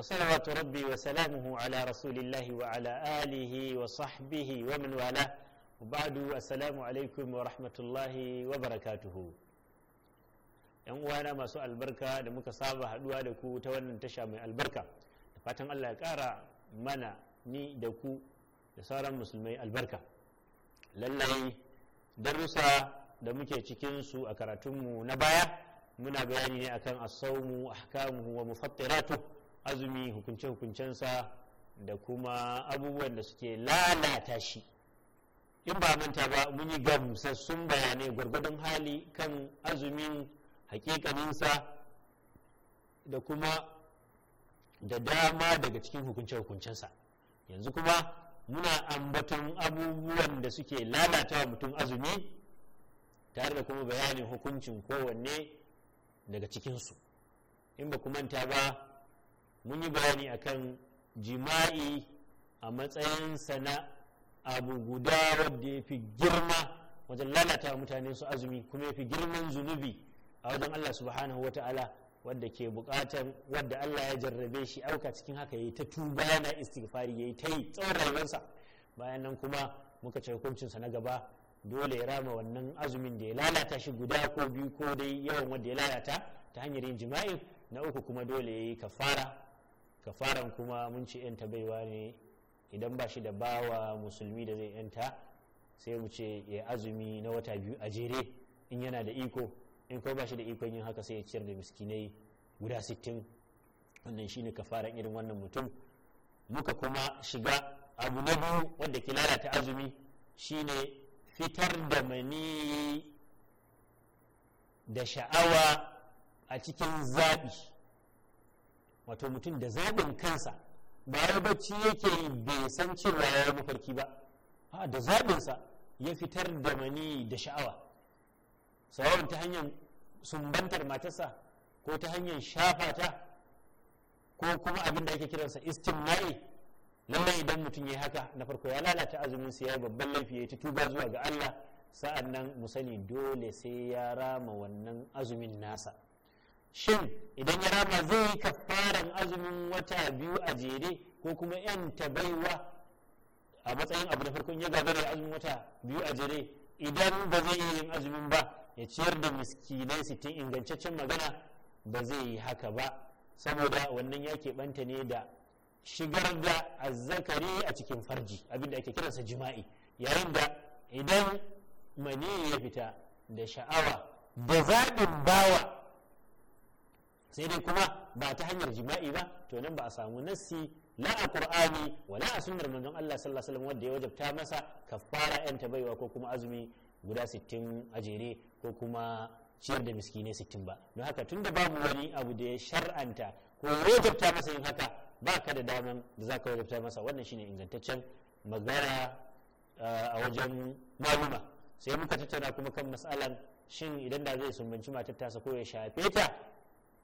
وصلوات ربي وسلامه على رسول الله وعلى آله وصحبه ومن والاه وبعد السلام عليكم ورحمة الله وبركاته yan uwana masu albarka da muka saba haɗuwa da ku ta wannan tasha mai albarka da fatan Allah ya kara mana ni da ku da sauran musulmai albarka lallai darussa da muke cikin su a karatunmu na baya muna bayani ne akan asaumu ahkamuhu wa mufattiratu azumi hukunce-hukuncensa da kuma abubuwan da suke lalata shi in ba manta ba mun yi gamsassun bayanai gwargwadon hali kan azumin hakikaninsa da kuma da dama daga cikin hukunce-hukuncensa yanzu kuma muna ambaton abubuwan da suke lalata wa mutum azumi tare da kuma bayanin hukuncin kowanne daga cikinsu in ba ku manta ba mun yi bayani akan jima'i a matsayin sana abu guda wadda ya fi girma wajen lalata mutane su azumi kuma ya fi girman zunubi a wajen Allah subhanahu wa ta'ala wadda ke bukatan wadda Allah ya jarrabe shi auka cikin haka ya yi ta tuba yana istighfari ya yi ta yi bayan nan kuma muka ce hukuncinsa na gaba dole ya rama wannan azumin da ya lalata shi guda ko biyu ko dai yawan wanda ya lalata ta hanyar yin jima'i na uku kuma dole ya yi kafara kafaran kuma mun ce yanta baiwa ne idan ba shi da bawa musulmi da zai yanta sai mu ce ya azumi na wata biyu a jere in yana da iko in kuma ba shi da ikon yin haka sai ya ciyar da miskinai guda sittin wannan shine kafaran irin wannan mutum muka kuma shiga abu na biyu wanda ke lalata azumi shine fitar da mani da sha'awa a cikin zaɓi wato mutum da zaɓin kansa ba ya bacci yake bai san cewa ya yi mafarki ba a da zaɓinsa ya fitar da mani da sha'awa sauran ta hanyar sumbantar matarsa ko ta hanyar shafata ko kuma abin da ake kiransa na'i, lallai idan mutum ya haka na farko ya lalata azumin sa ya babban laifi ya tuba zuwa ga Allah sa'an nan mu sani dole sai ya rama wannan azumin nasa shin idan ya rama zai yi kafaran azumin wata biyu a jere ko kuma yan baiwa a matsayin abu na farkon ya gagara azumin wata biyu a jere idan ba zai yi yin azumin ba ya ciyar da miskinai sittin ingantaccen magana ba zai yi haka ba saboda wannan ya keɓanta ne da shigar da azzakari a cikin farji abinda ake kiransa jima'i yayin da idan mani ya fita da sha'awa da zaɓin bawa sai dai kuma ba ta hanyar jima'i ba to nan ba a samu nassi la a qur'ani wa la a sunnar manzon Allah sallallahu alaihi wasallam wanda ya wajabta masa kafara yan baiwa ko kuma azumi guda 60 ajere ko kuma ciyar da miskine 60 ba don haka tunda babu wani abu da ya shar'anta ko wajabta masa yin haka ba ka da daman da zaka wajabta masa wannan shine ingantaccen magana eh, a wajen maluma sai muka tattauna kuma kan matsalan shin idan da zai sumbanci matar tasa ko ya shafe ta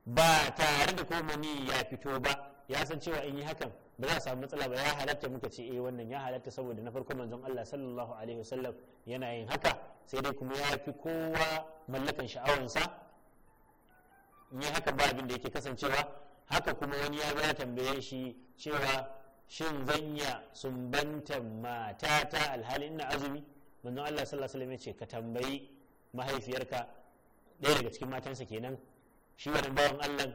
ba tare da komani ya fito ba ya san cewa in yi hakan ba za a samu matsala ba ya halatta muka ce eh wannan ya halatta saboda na farko manzon Allah sallallahu alaihi wasallam yana yin haka sai dai kuma ya fi kowa mallakan sha'awansa in yi haka ba abin da yake kasancewa haka kuma wani ya ga tambaye shi cewa shin zan iya sumbanta matata alhali ina azumi manzon Allah sallallahu alaihi wasallam ya ce ka tambayi mahaifiyarka ɗaya daga cikin matansa kenan shi wani bawan Allah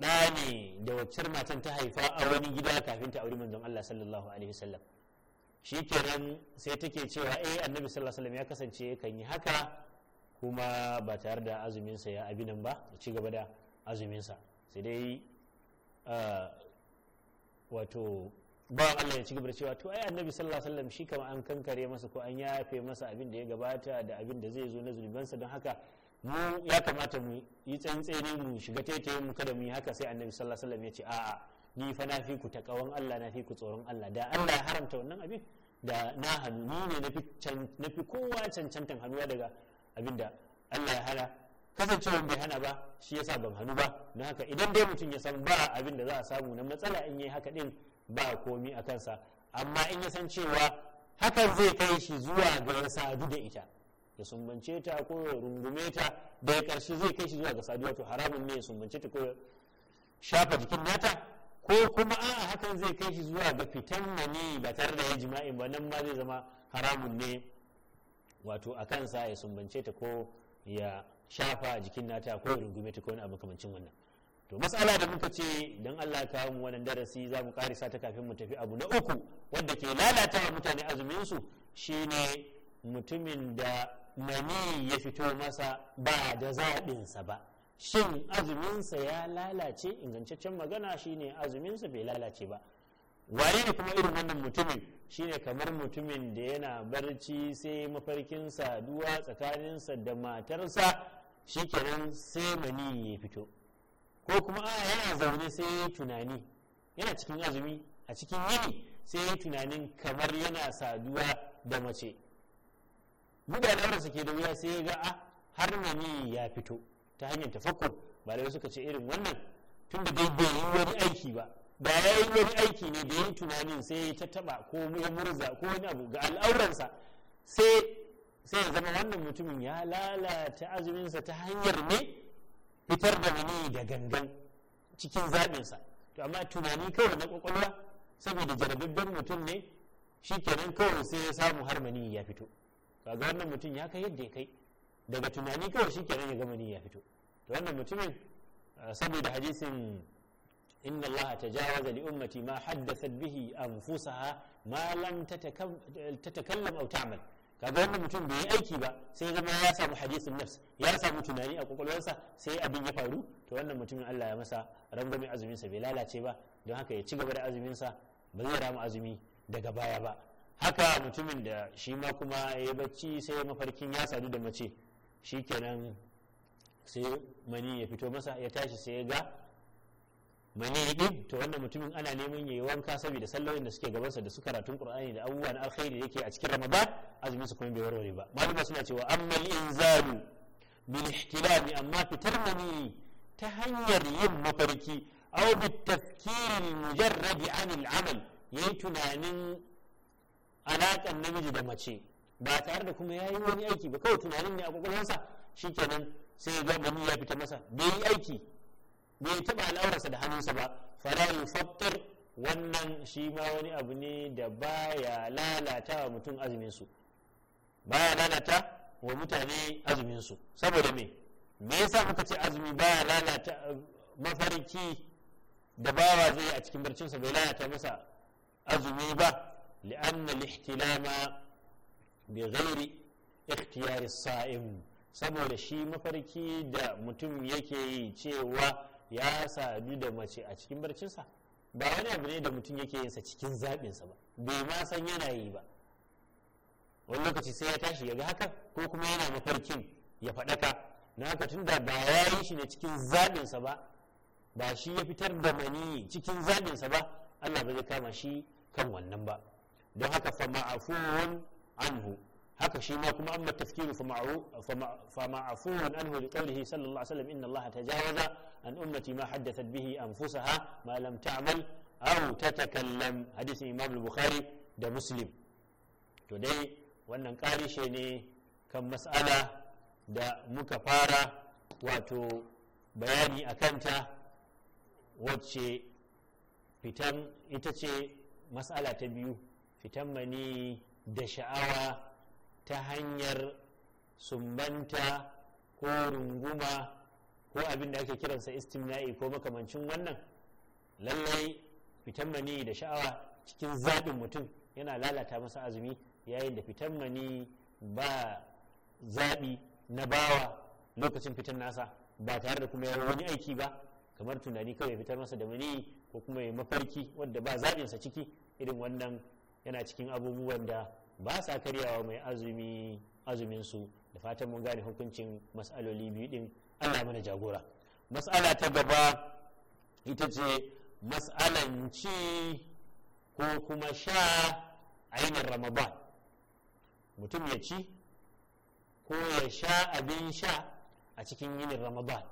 ɗa ne da wacce matan ta haifa a wani gida kafin ta aure manzon Allah sallallahu alaihi wasallam shi kenan sai take cewa eh annabi sallallahu alaihi wasallam ya kasance kan yi haka kuma ba tare da azuminsa ya abi nan ba ya ci gaba da azuminsa sai dai wato ba Allah ya ci gaba da cewa to ai annabi sallallahu alaihi wasallam shi kama an kankare masa ko an yafe masa abin da ya gabata da abin da zai zo na zulbansa don haka mu ya kamata mu yi tsantseni mu shiga taitaye mu kada mu yi haka sai annabi sallallahu alaihi wasallam ya ce a'a ni fa na fi ku takawan Allah na fi ku tsoron Allah da Allah ya haramta wannan abin da na hannu ni ne na fi kowa cancantan hannuwa daga abin da Allah ya hana kasancewar bai hana ba shi yasa ban hannu ba don haka idan dai mutum ya san ba abin da za a samu na matsala in yi haka din ba komi a kansa amma in ya san cewa hakan zai kai shi zuwa ga ya sadu da ita ya sumbance ta ko ya rungume ta ya karshe zai kai shi zuwa ga saduwa to haramun ne ya sumbance ta ko ya shafa jikin nata ko kuma a hakan zai kai shi zuwa ga fitan mani ba tare da ya jima'in ba nan ma zai zama haramun ne wato a kansa ya sumbance ta ko ya shafa jikin nata ko ya rungume ta ko wani abu kamancin wannan to matsala da muka ce don Allah ka mu wannan darasi za mu karisa ta kafin mu tafi abu na uku wanda ke lalata wa mutane azumin su shine mutumin da mani ya fito masa ba da zaɓinsa ba shin azuminsa ya lalace ingantaccen magana shine azuminsa bai lalace ba waye ne kuma irin wannan mutumin shine kamar mutumin da yana barci sai mafarkin saduwa tsakaninsa da matarsa shikenan sai mani ya fito ko kuma a yana zaune sai ya tunani yana cikin azumi a cikin yini sai ya tunanin kamar yana saduwa da mace gudanar da ke da wuya sai ga a ah, har mani ya fito ta hanyar tafakkur ba da suka ce irin wannan tun da bai yi wani aiki ba ba ya yi wani aiki ne da yin tunanin sai ya tattaba ko ya murza ko wani abu ga al'auransa sai ya zama wannan mutumin ya lalata azuminsa ta hanyar ne fitar da wani da gangan cikin zaɓinsa to amma tunani kawai na kwakwalwa saboda jarababben mutum ne shi kenan kawai sai ya samu harmani ya fito kaga wannan mutum ya kai yadda ya kai daga tunani kawai shi kenan ya gama ni ya fito to wannan mutumin ah, saboda hadisin inna allaha tajawaza li ummati ma haddathat bihi anfusaha ma lam tatakallam aw ta'mal kaga wannan mutum bai yi aiki ba sai zama ya samu hadisin nafs ya samu tunani a kwakwalwarsa sai abin ya faru to wannan mutumin Allah ya masa rangwame azumin sa bai lalace ba don haka ya ci gaba da azumin sa ba zai rama azumi daga baya ba haka mutumin da shi ma kuma ya bacci sai mafarkin ya sadu da mace shi kenan sai mani ya fito masa ya tashi sai ya ga mani ɗin to wannan mutumin ana neman ya yi wanka saboda sallolin da suke gabansa da su karatun qur'ani da abubuwan alkhairi yake a cikin ramadan azumin su kuma bai warware ba malama suna cewa amma inzalu min ihtilami amma fitar mani ta hanyar yin mafarki aw bit tafkiri mujarradi anil amal yayi tunanin alaƙar namiji da mace ba tare da kuma ya yi wani aiki ba kawai tunanin ne a kwakwalwarsa kenan sai ya ga ya fita masa bai yi aiki bai taɓa al'aurarsa da hannunsa ba fara fattar wannan shi ma wani abu ne da baya lalata wa mutum azumin su baya lalata wa mutane azuminsu saboda me me yasa muka ce azumi baya lalata uh, mafarki da bawa zai a cikin barcinsa bai lalata masa azumi ba لأن الاحتلام بغير اختيار الصائم saboda shi mafarki da mutum yake yi cewa ya sadu da mace a cikin barcinsa ba wani abu ne da mutum yake yinsa cikin zaɓinsa ba bai ma san yana yi ba wani lokaci sai ya tashi ya ga haka ko kuma yana mafarkin ya faɗaka na haka tun da ba ya yi shi ne cikin zaɓinsa ba ba shi ya fitar da mani cikin zaɓinsa ba allah ba zai kama shi kan wannan ba don haka fa anhu haka shi ma kuma amma tafkiru fa anhu da qawlihi sallallahu alaihi wasallam inna allaha tajawaza an ummati ma haddathat bihi anfusaha ma lam ta'mal aw tatakallam hadisi imam al-bukhari da muslim to dai wannan karishe ne kan mas'ala da muka fara wato bayani a kanta wacce fitan ita ce mas'ala ta biyu fitan mani da sha'awa ta hanyar sumbanta ko runguma ko abin da ake kiransa istimna'i ko makamancin wannan lallai fitan mani da sha'awa cikin zaɓin mutum yana lalata masa azumi yayin da fitan mani ba zaɓi na bawa lokacin fitan nasa ba tare da kuma ya wani aiki ba kamar tunani kawai fitar masa da mani ko kuma ya mafarki wadda ba zaɓinsa ciki irin wannan yana cikin abubuwan da ba sa karyawa mai azumi azumin su da fatan mun gane hukuncin mas'aloli biyu din Allah mana jagora mas'ala ta gaba ita ce mas'alan ci ko kuma sha ainihin ramadan mutum ya ci ko ya sha abin sha a cikin yinin ramadan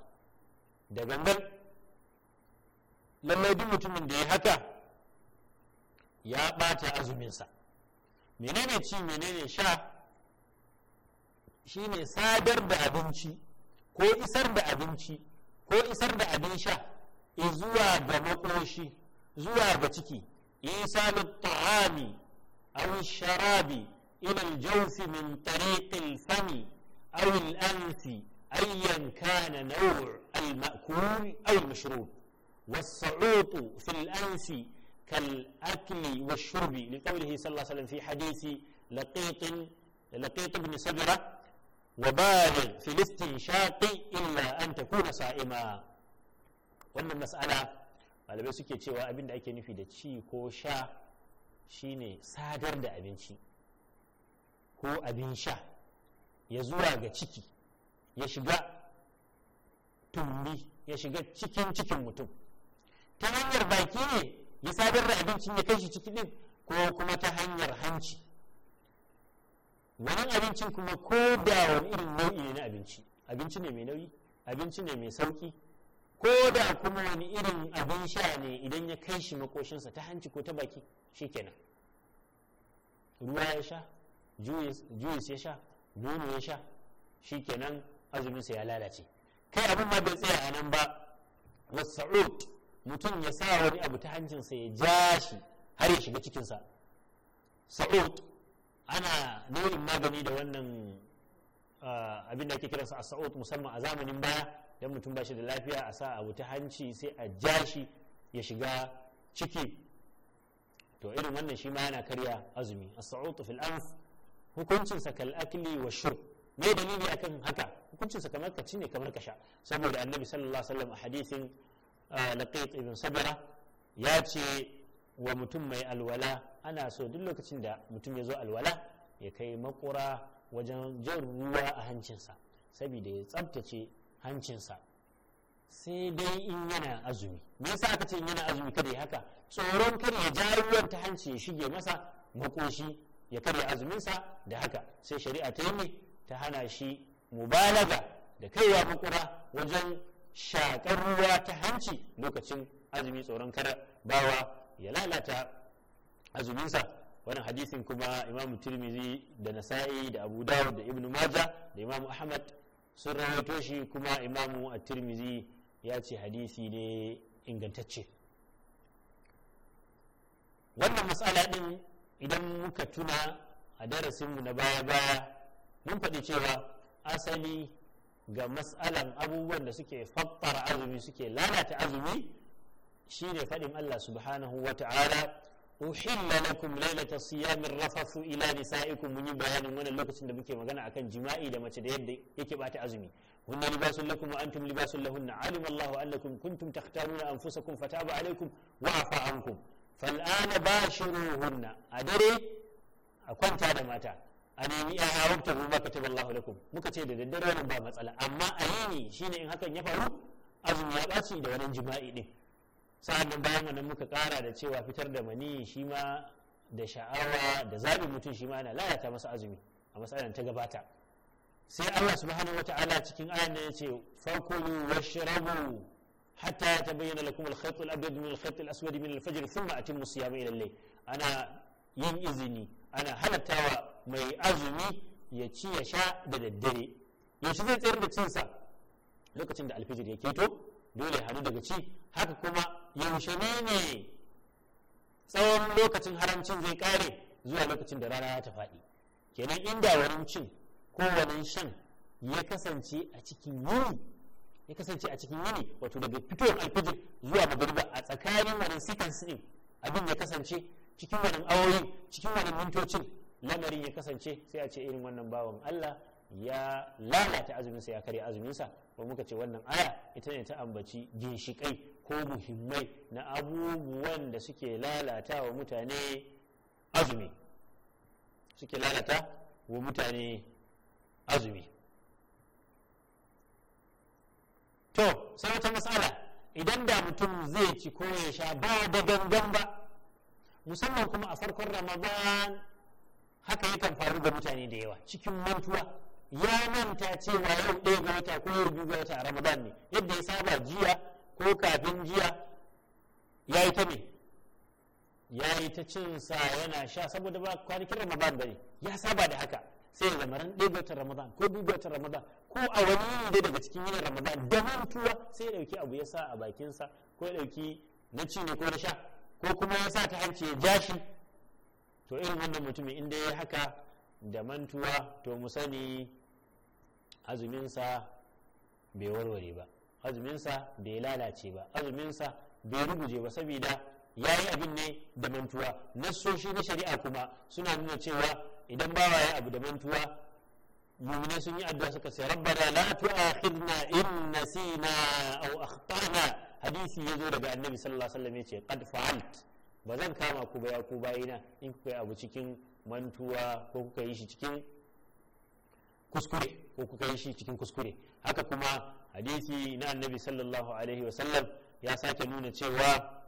da gangan lallai duk mutumin da ya haka ya ɓata azuminsa menene ci menene sha shine sadar da abinci ko isar da abinci ko isar da abin sha e zuwa ga makoshi zuwa ga ciki isalu ta'ami aw sharabi ila al-jawfi min tariq al-fami aw al-anfi ayyan kana naw' al-ma'kul aw al-mashrub fi كالأكل والشرب لقوله صلى الله عليه وسلم في حديث لقيط لقيط بن سبرة وبالغ في الاستنشاق إلا أن تكون صائما wannan mas'ala malamai suke cewa abin da ake nufi da ci ko sha shine sadar da abinci ko abin sha ya zuwa ga ciki ya shiga tumbi ya shiga cikin cikin mutum ta hanyar baki ne ya sadar da abincin ya kai shi ciki din ko kuma ta hanyar hanci wannan abincin kuma ko da wani irin nau'i ne na abinci abinci ne mai nauyi abinci ne mai sauki ko da kuma wani irin abin sha ne idan ya kai shi makoshinsa ta hanci ko ta baki shikenan ruwa ya sha juice ya sha nono ya sha shikenan azuminsa ya lalace kai abin ma bai tsaya a nan ba wasu mutum ya sa wani abu ta hancinsa ya ja shi har ya shiga cikinsa sa'ud ana nau'in magani da wannan abin da ake kiransa a sa'ud musamman a zamanin baya don mutum ba shi da lafiya a sa abu ta hanci sai a ja shi ya shiga ciki to irin wannan shi ma yana karya azumi a sa'ud fil anf hukuncinsa kal akli wa shur me dalili akan haka hukuncinsa kamar ka ci ne kamar ka sha saboda annabi sallallahu alaihi wasallam a hadisin laqit ibn sabira ya ce wa mutum mai alwala ana so duk lokacin da mutum ya zo alwala ya kai makura wajen jan ruwa a hancinsa saboda ya tsabtace hancinsa sai dai in yana azumi me yasa aka ce in yana azumi kada ya haka tsoron karya ya ja ruwan ta hanci ya shige masa makoshi ya karya azuminsa da haka sai shari'a ta yi ta hana shi mubalaga da kaiwa makura wajen shakar ruwa ta hanci lokacin azumi tsoron kada bawa ya lalata azuminsa wannan hadisin kuma imamu tirmizi da nasa'i da abu dawud da ibnu maja da imamu ahmad sun rahoto shi kuma imamu a tirmizi ya ce hadisi ne ingantacce wannan matsala din idan muka tuna a darasinmu na baya baya mun faɗi cewa asali ga matsalan abubuwan da suke faffara azumi suke lalata azumi shine faɗin Allah subhanahu wa ta'ala uhilla lakum lailata siyamin rafafu ila nisaikum mun yi bayanin wannan lokacin da muke magana akan jima'i da mace da yadda yake bata azumi hunna libasun lakum wa antum libasun lahunna alima Allahu annakum kuntum takhtaruna anfusakum fataba alaykum wa afa ankum fal'ana bashiruhunna a dare a kwanta da mata a nemi ya'ya wabta ruba ka taballahu lakum muka ce da daddare wannan ba matsala amma a yi shine in hakan ya faru azumi ya ɓaci da wani jima'i din sa'an bayan wannan muka ƙara da cewa fitar da mani shi ma da sha'awa da zaɓin mutum shi ma yana lalata masa azumi a matsalar ta gabata sai Allah subhanahu wa ta'ala cikin ayan da ce fakulu washrabu hatta yatabayyana lakum al-khayt al-abyad min al-khayt al-aswad min al-fajr thumma atimmu siyama ila al-layl ana yin izini ana halartawa. mai azumi ya ci ya sha da daddare yaushe zai tsayar da cinsa lokacin da alfijir ya keto dole hannu daga ci haka kuma yaushe ne ne tsawon lokacin haramcin zai kare zuwa lokacin da rana ta faɗi kenan inda wani cin ko wani shan ya kasance a cikin yini ya kasance a cikin yini wato daga fitowar alfijir zuwa magariba a tsakanin wani sikan din abin ya kasance cikin wani awoyin cikin wani mintocin lamarin ya kasance sai a ce irin wannan bawan Allah ya lalata azuminsa ya karya azuminsa ba muka ce wannan aya ita ne ta ambaci ginshikai ko muhimmai na abubuwan da suke lalata wa mutane azumi suke lalata wa mutane azumi to sai wata matsala idan da mutum zai ci ko ya sha ba da gangan ba musamman kuma a farkon ramadan haka yakan faru ga mutane da yawa cikin mantuwa ya manta cewa yau ɗaya ga wata ko yau biyu ga wata a ramadan ne yadda ya saba jiya ko kafin jiya ya yi ta ne ya yi ta cin sa yana sha saboda ba kwanakin ramadan ba ne ya saba da haka sai ya zama ran ɗaya ga wata ramadan ko biyu ga wata ramadan ko a wani ne daga cikin yin ramadan da mantuwa sai ya ɗauki abu ya sa a bakinsa ko ya ɗauki na ci ne ko na sha ko kuma ya sa ta hanci ya ja shi to irin wannan mutumin inda ya haka da mantuwa to mu sani azuminsa bai warware ba azuminsa bai lalace ba azuminsa bai ruguje ba saboda ya yi abin ne da mantuwa Nasoshi na shari'a kuma suna nuna cewa idan bawa ya abu da mantuwa mumine sun yi addu'a suka sai rabbana la tu'akhidna in nasina aw akhtana hadisi yazo daga annabi sallallahu alaihi wasallam yace qad fa'alt ba zan kama ku ba ya ku bayina in kuka yi abu cikin mantuwa ko kuka yi shi cikin kuskure ko kuka yi shi cikin kuskure haka kuma hadisi na annabi sallallahu alaihi sallam ya sake nuna cewa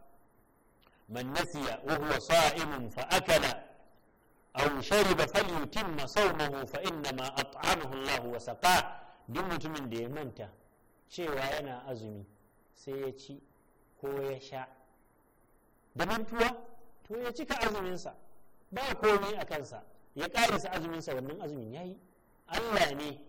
man nasiya wa huwa sa'imun fa akala aw shariba falyutimma sawmahu fa inna ma at'amahu Allah wa saqa duk mutumin da ya manta cewa yana azumi sai ya ci ko ya sha da mantuwa to ya cika azuminsa ba komai a kansa ya ƙarisa azuminsa wannan azumin ya yi allah ne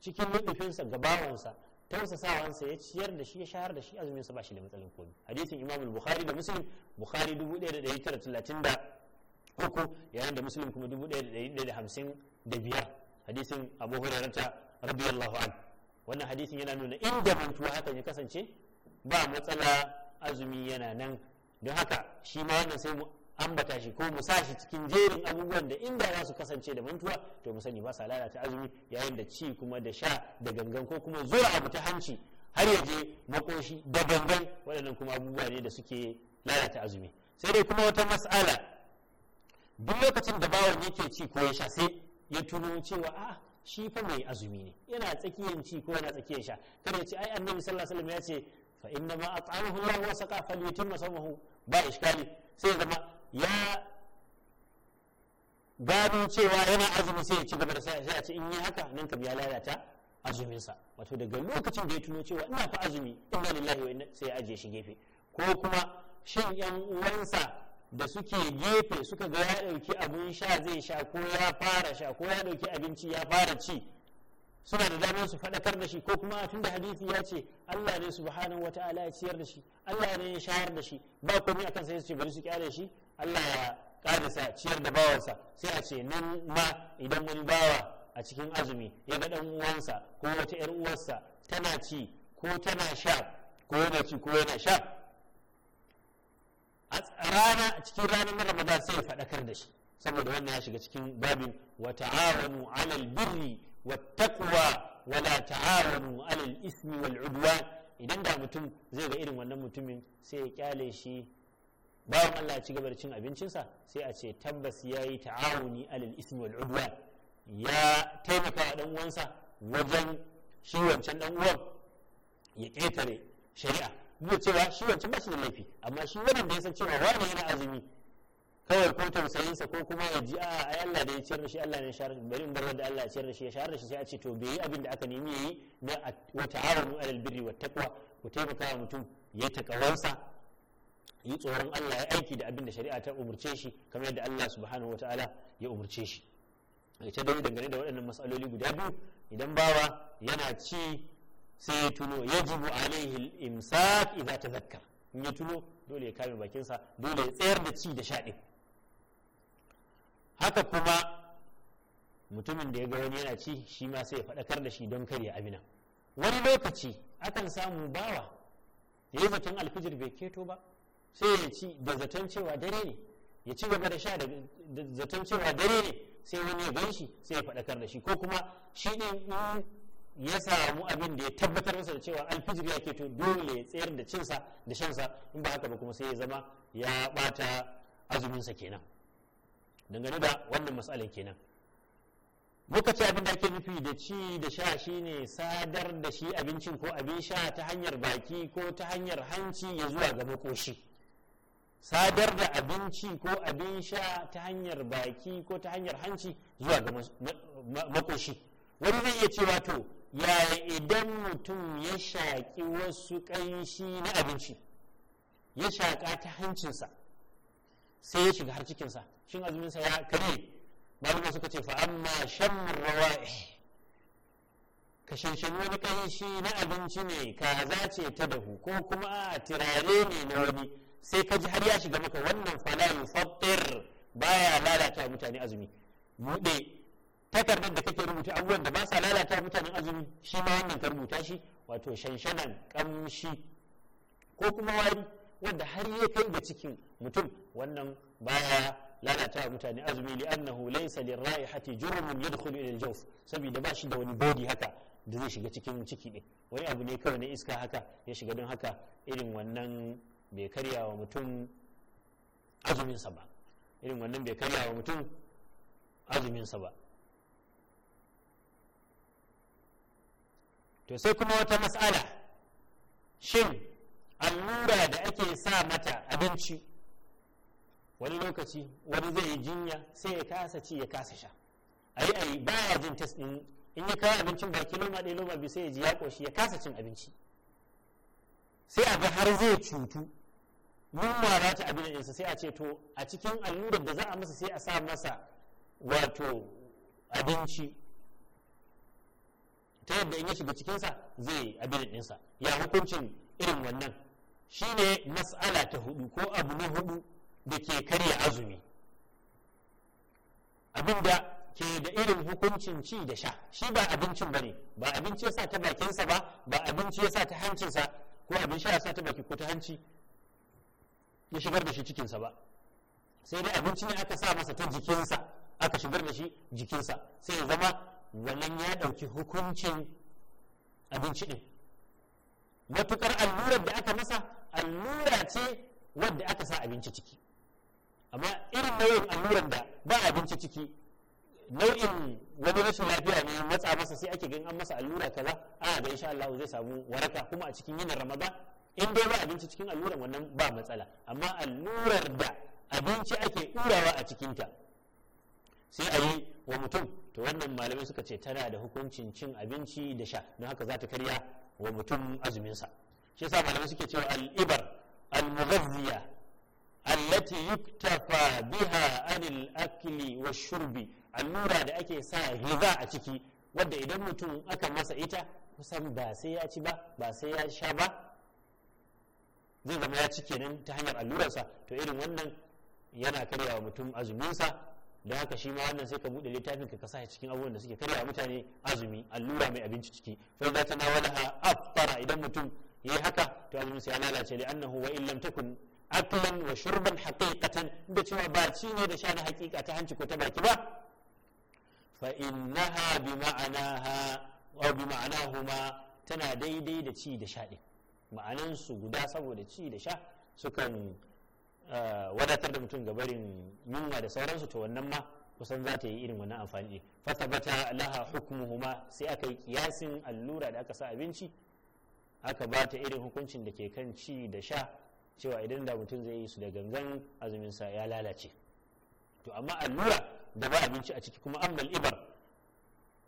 cikin nufinsa ga bawansa tausasawansa ya ciyar da shi ya shahar da shi azuminsa ba shi da matsalin komai hadisin imamul bukhari da muslim bukhari 1933 yayin da muslim kuma 1155 hadisin abu hurairata radiyallahu an wannan hadisin yana nuna inda mantuwa hakan ya kasance ba matsala azumi yana nan don haka shi ma wannan sai mu ambata shi ko mu sa shi cikin jerin abubuwan da inda za su kasance da mantuwa to mu sani ba sa lalata azumi yayin da ci kuma da sha da gangan ko kuma zuwa abu ta hanci har ya je makoshi da gangan waɗannan kuma abubuwa ne da suke lalata azumi sai dai kuma wata mas'ala duk lokacin da bawan yake ci ko ya sha sai ya tuno cewa a ah, shi fa mai azumi ne yana tsakiyan ci ko yana tsakiyan sha kada ya ce ai annabi sallallahu alaihi wasallam ya ce fa inna ma at'amahu Allah wa saqa falyutimma sawmahu ba iskali sai zama ya gano cewa yana azumi sai ya ci gaba da sai a ci in yi haka nan kam ya lalata azuminsa wato daga lokacin da ya tuno cewa ina fa azumi inna lillahi wa inna sai ya ajiye shi gefe ko kuma shin yan uwansa da suke gefe suka ga ya dauki abin sha zai sha ko ya fara sha ko ya dauki abinci ya fara ci suna da damar su faɗakar da shi ko kuma tunda hadisi ya ce Allah ne subhanahu ta'ala ya ciyar da shi Allah ne ya shayar da shi ba komai akan sai su ce bari su kyale shi Allah ya sa ciyar da bawansa sai a ce nan ma idan wani bawa a cikin azumi ya ga dan uwansa ko wata yar uwarsa tana ci ko tana sha ko yana ci ko yana sha a rana cikin ranar Ramadan sai ya faɗakar da shi saboda wannan ya shiga cikin babin wa ta'awanu 'alal birri wattaqwa wala ta'awanu alal ismi wal idan da mutum zai ga irin wannan mutumin sai ya kyale shi bawan Allah ya ci gaba da cin abincinsa sai a ce tabbas ya yi ta'awuni alal ismi wal udwa ya taimaka wa uwansa wajen shi wancan dan uwan ya ƙetare shari'a mu cewa shi wancan ba shi da laifi amma shi wannan da ya san cewa wani yana azumi kawai ko tausayinsa ko kuma ya ji a ah, ai Allah da ya ciyar da shi Allah ne ya shahar bari in bar da Allah ya ciyar da shi ya shahar da shi sai a ce to bai yi abin da aka nemi yayi na wa ta'awunu alal birri wat taqwa ku taimaka wa mutum ya takawansa yi tsoron Allah ya aiki da abin da shari'a ta umurce shi kamar yadda Allah subhanahu wa ta'ala ya umurce shi ita dai dangane da waɗannan matsaloli guda biyu idan bawa yana ci sai ya tuno yajibu alaihi al-imsak idza tadhakkar in ya tuno dole ya kame bakinsa dole ya tsayar da ci da sha haka kuma mutumin da ya ga wani yana ci shi ma sai ya faɗakar da shi don karya abina wani lokaci akan samu bawa ya yi zaton alfijir bai keto ba sai ya ci da zaton cewa dare ne ya ci gaba da sha da zaton cewa dare ne sai wani ya gan shi sai ya faɗakar da shi ko kuma shi ne ya samu abin da ya tabbatar masa da cewa alfijir ya keto dole ya tsayar da cinsa da shansa in ba haka ba kuma sai ya zama ya ɓata azuminsa kenan dangane da wannan matsalan kenan muka ce abin da ake nufi da ci da sha shine sadar da shi abincin ko abin sha ta hanyar baki ko ta hanyar hanci ya zuwa ga makoshi sadar da abinci ko abin sha ta hanyar baki ko ta hanyar hanci zuwa ga makoshi wani zai iya cewa to yaya idan mutum ya shaƙi wasu ƙanshi na abinci ya shaƙa ta hancinsa sai ya shiga har cikinsa shin azuminsa ya kare malama suka ce fa amma shan rawa. ka shanshan wani kanshi na abinci ne kaza ce ta dahu ko kuma a tirare ne na wani sai ka ji har ya shiga maka wannan fala ba baya lalata mutane azumi buɗe takardar da kake rubuta abubuwan da ba sa lalata mutanen azumi shi ma wannan ka rubuta shi wato shanshanan kamshi ko kuma wari wanda har ya kai ga cikin mutum wannan baya lalata mutane azumi li annahu laysa lirraihati jurmun yadkhulu ila al-jawf saboda ba shi da wani bodi haka da zai shiga cikin ciki din wani abu ne kawai na iska haka ya shiga don haka irin wannan bai karya wa mutum azuminsa ba irin wannan bai karya wa mutum azuminsa ba to sai kuma wata mas'ala shin allura da ake sa mata abinci wani lokaci wani zai yi jinya sai ya kasa ci ya kasa sha ayi ayi baya jin test din in ya kawo abincin baki loma ɗaya loma biyu sai ya ji ya ƙoshi ya kasa cin abinci sai a ga har zai cutu mun mara ta abin sai a ce to a cikin allurar da za a masa sai a sa masa wato abinci ta yadda in ya shiga cikinsa zai abin ɗinsa ya hukuncin irin wannan Shi shine mas'ala ta hudu ko abu na hudu da ke karya azumi abinda ke da irin hukuncin ci da sha shi ba abincin bane ba abinci yasa ta bakinsa ba ba abinci yasa ta hancinsa ko abin sha yasa ta baki ko ta hanci ya shigar da shi cikinsa ba sai dai abinci ne aka sa masa ta jikinsa aka shigar da shi jikinsa sai ya zama wannan ya ɗauki hukuncin abinci ɗin matukar allurar da aka masa allura ce wadda aka sa abinci ciki amma irin nau'in alluran da ba abinci ciki nau'in wani rashin lafiya ne matsa masa sai ake ganin an masa allura kaza ana da insha Allah zai samu waraka kuma a cikin yinin ramadan in dai ba abinci cikin alluran wannan ba matsala amma allurar da abinci ake ɗurawa a cikinta sai a yi wa mutum to wannan malamai suka ce tana da hukuncin cin abinci da sha don haka za ta karya wa mutum azuminsa shi yasa malamai suke cewa alibar al-mughazziya allati yuktafa biha anil akli wa shurbi allura da ake sa riza a ciki wadda idan mutum aka masa ita kusan ba sai ya ci ba ba sai ya sha ba zai zama ya ci kenan ta hanyar allurarsa to irin wannan yana karyawa mutum azuminsa da haka shi ma wannan sai ka bude littafin ka kasa cikin abubuwan da suke karya mutane azumi allura mai abinci ciki fa idza tanawalaha afṭara idan mutum yi haka to abin sai ya lalace da annahu wa illam takun aklan wa shurban haqiqatan da cewa ba ci ne da sha na haqiqa ta hanci ko ta baki ba fa innaha bi ma'anaha wa bi ma'anahuma tana daidai da ci da sha din ma'anan su guda saboda ci da sha sukan eh, wadatar da mutum gabarin yunwa da sauransu to wannan ma kusan za ta yi irin wannan amfani fa tabbata laha hukmuhuma sai aka yi kiyasin allura da aka sa abinci aka ba ta irin hukuncin da ke kan ci da sha cewa idan da mutum zai yi su da gangan azuminsa ya lalace to amma allura da ba abinci a ciki kuma ammal ibar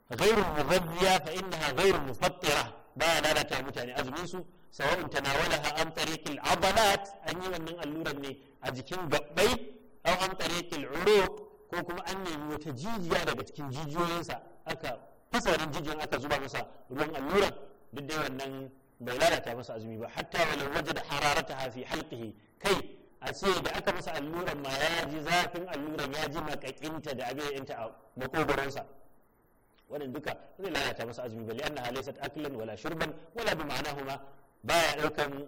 ghairu mughabbiya fa innaha ghairu mufattira ba lalata mutane azumin su sawa'in tanawalaha an tariqil abalat an yi wannan allurar ne a jikin gabbai aw an tariqil uruq ko kuma an nemi wata jijiya daga cikin jijiyoyinsa aka fasarin jijiyan aka zuba masa ruwan allurar duk da wannan bai lalata masa azumi ba hatta walau wajada hararataha fi halqihi kai a ce da aka masa alluran ma ya ji zafin alluran ya ji makakinta da abinta a sa. wannan duka zai lalata masa azumi bali annaha laysat aklan wala shurban wala bi ma'anahuma baya daukan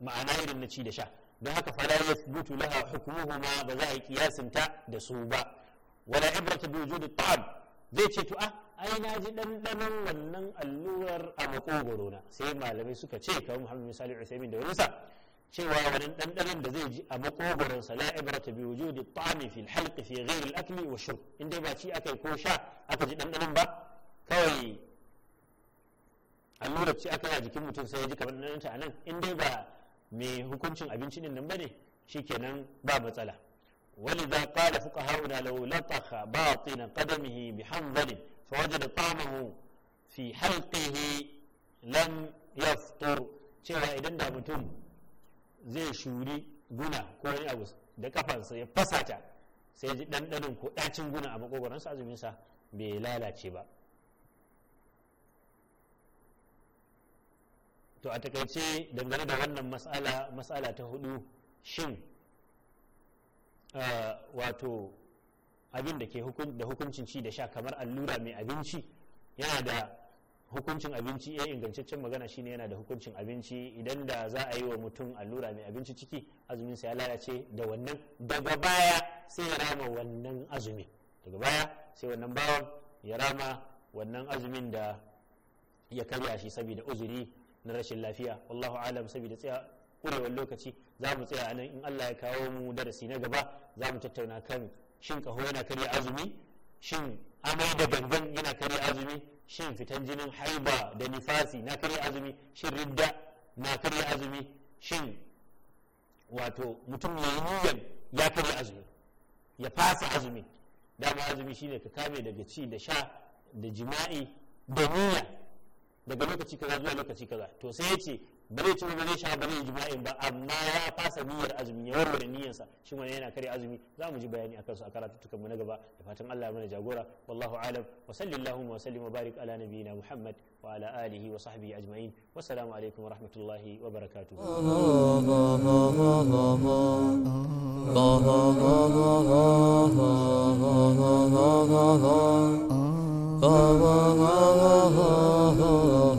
ma'ana irin na ci da sha don haka fala yathbutu laha hukmuhuma ba za a yi kiyasinta da su ba wala ibrata bi wujudi ta'am zai ce to ah, ai na ji ɗanɗanon wannan allurar a makogoro na sai malamai suka ce kamar muhammad misali usaimin da waninsa cewa wannan ɗanɗanon da zai ji a makogoron sa la ibrata bi wujudi ta'ami fil halq fi ghayr al akli wa shurb in dai ba ci akai ko sha aka ji ɗanɗanon ba kawai allurar ci aka yi a jikin mutum sai ya ji kamar ɗanɗanon ta anan in dai ba mai hukuncin abinci din nan bane shikenan ba matsala ولذا قال فقهاؤنا لو لطخ باطن قدمه بحنظل فوجد طعمه fi halqihi lam yaftur cewa idan da mutum zai shuri guna ko wani abu da kafansa ya fasata sai ji ɗanɗanin ko ɗacin guna a makogoransa azuminsa bai lalace ba to a takaice dangane da wannan mas'ala mas'ala ta hudu shin wato abin da ke da hukuncin ci da sha kamar allura mai abinci yana da hukuncin abinci ya eh, ingantaccen magana shine yana da hukuncin abinci idan da za a yi wa mutum allura mai abinci ciki azumin sa ya lalace da wannan daga baya sai ya rama wannan azumi daga baya sai wannan bawan ya rama wannan azumin da ya karya shi saboda uzuri na rashin lafiya wallahu alam saboda tsaya kurewar lokaci za mu tsaya anan in Allah ya kawo mu darasi na gaba za mu tattauna kan shin kaho yana karya azumi shin amai da gangan yana karya azumi shin fitan jinin haiba da nifasi na karya azumi shin ridda na karya azumi shin wato mutum mai niyyar ya karya azumi ya fasa azumi dama azumi shine ka kame daga ci da sha da jima'i da niyya daga lokaci kaza zuwa lokaci kaza to sai ya ce ba zai ci ba zai sha ba zai jima'in ba amma ya fasa niyyar azumi ya warware niyyarsa shi wannan yana kare azumi za mu ji bayani akan su a karatuttukan mu na gaba da fatan Allah ya mana jagora wallahu alam wa sallallahu wa sallim wa barik ala nabiyyina Muhammad wa ala alihi wa sahbihi ajma'in wassalamu alaikum wa rahmatullahi wa barakatuh